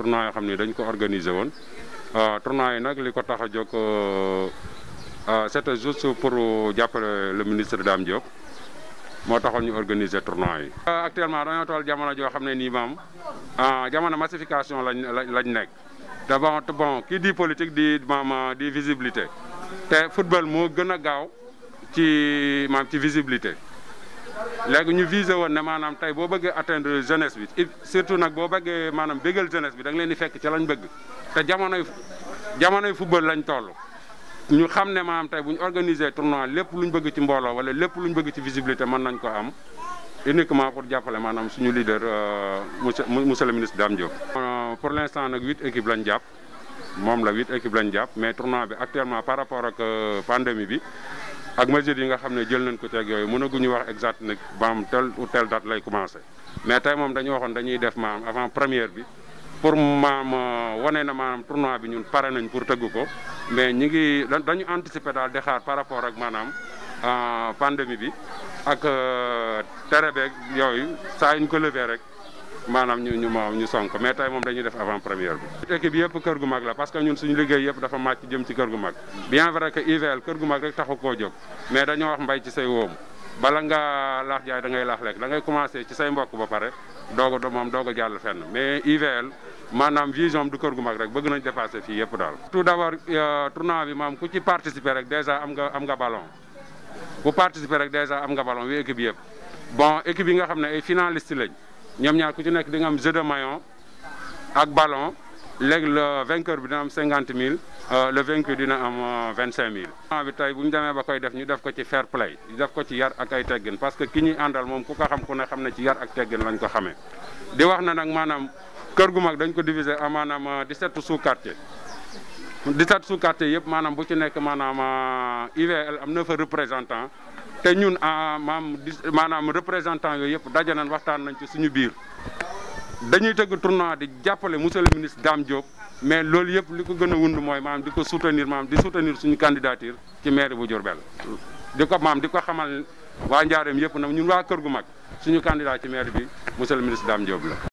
tournoi yoo xam ni dañ ko organiser woon euh, tournoi yi nag li ko tax a jóg euh, euh, c'était juste pour jàppale le ministre Dame Diop moo taxoon ñu organiser tournoi yi. actuellement dañoo toll jamono joo xam ne nii maam jamono massification lañ lañ nekk te bon te bon kii di politique di maam di visibilité te football moo gën a gaaw ci maam ci visibilité. léegi ñu visé woon ne maanaam tey boo bëggee atteindre jeunesse bi surtout nag boo bëggee maanam bégal jeunesse bi da nga leen fekk ca lañ bëgg te jamonoy jamonoy football lañ toll. ñu xam ne maanaam tey bu ñu organiser tournoi lépp lu ñu bëgg ci mbooloo wala lépp lu ñu bëgg ci visibilité mën nañ ko am uniquement pour jàppale maanaam suñu leader euh, monsieur monsieur le ministre Dame Diop. Euh, pour l' instant nag huit équipes lañ jàpp moom la huit équipes lañ jàpp mais tournoi bi actuellement par rapport ak euh, pandémie bi. ak mesures yi nga xam ne jël nañ ko teeg yooyu mënaguñu wax exact nag maam tel ou tel date lay commencé mais tey moom dañu waxoon dañuy def maam avant première bi pour maam euh, wane na maanaam tournoi bi ñun pare nañ pour tegu ko mais ñi ngi dañu anticiper daal di xaar par rapport ak maanaam euh, pandémie bi ak euh, tere beeg yooyu saa yu ñu ko lever rek maanaam ñu ñu moom ñu sonk mais moom dañuy def avant première bi équipe yëpp kër gu mag la parce que ñun suñu liggéey yëpp dafa màcc jëm ci kër gu mag bien vrai que IVL kër gu mag rek taxu koo jóg mais dañoo wax mbay ci say wóomu bala nga laax jaay da ngay laax lekk da ngay commencé ci say mbokk ba pare doog a moom doog a jàll fenn mais IVL maanaam vision du kër gu mag rek bëgg nañ dépassé fii yëpp daal tout d'abord euh, tournoi bi maam ku ci participer rek dèjà am nga am nga ballon ku participer rek dèjà am nga ballon wi yëpp bon équipe yi nga xam ne ay finaliste ñoom ñaar ku ci nekk di nga am jeu de maillon ak ballon léegi le vainqueur bi dina am cinquante mille euh, le vaincu dina am euh, vingt cinq mille. bi bu ñu demee ba koy def ñu def ko ci fair play def ko ci yar ak ay teggin parce que ki ñuy àndal moom ku ko xam ku ne xam ne ci yar ak teggin lañ ko xamee di wax na nag maanaam kër gu mag dañ ko diviser en maanaam 17 euh, sous quartier 17 sous quartier yëpp maanaam bu ci nekk maanaam UVL am na fa représentant. te ñun ah, ah, maam maanaam représentant yooyu yëpp daje nañ waxtaan nañ ci suñu biir dañuy tëgg tournoi di jàppale monsieur le ministre Dame Diop mais loolu yëpp li ko gën a wund mooy maam di ko soutenir maam di soutenir suñu candidature ci maire bu Diourbel di ko maam di ko xamal waa Njaareem yëpp nag ñun waa kër gu mag suñu candidat ci maire bi monsieur le ministre Dame Diop la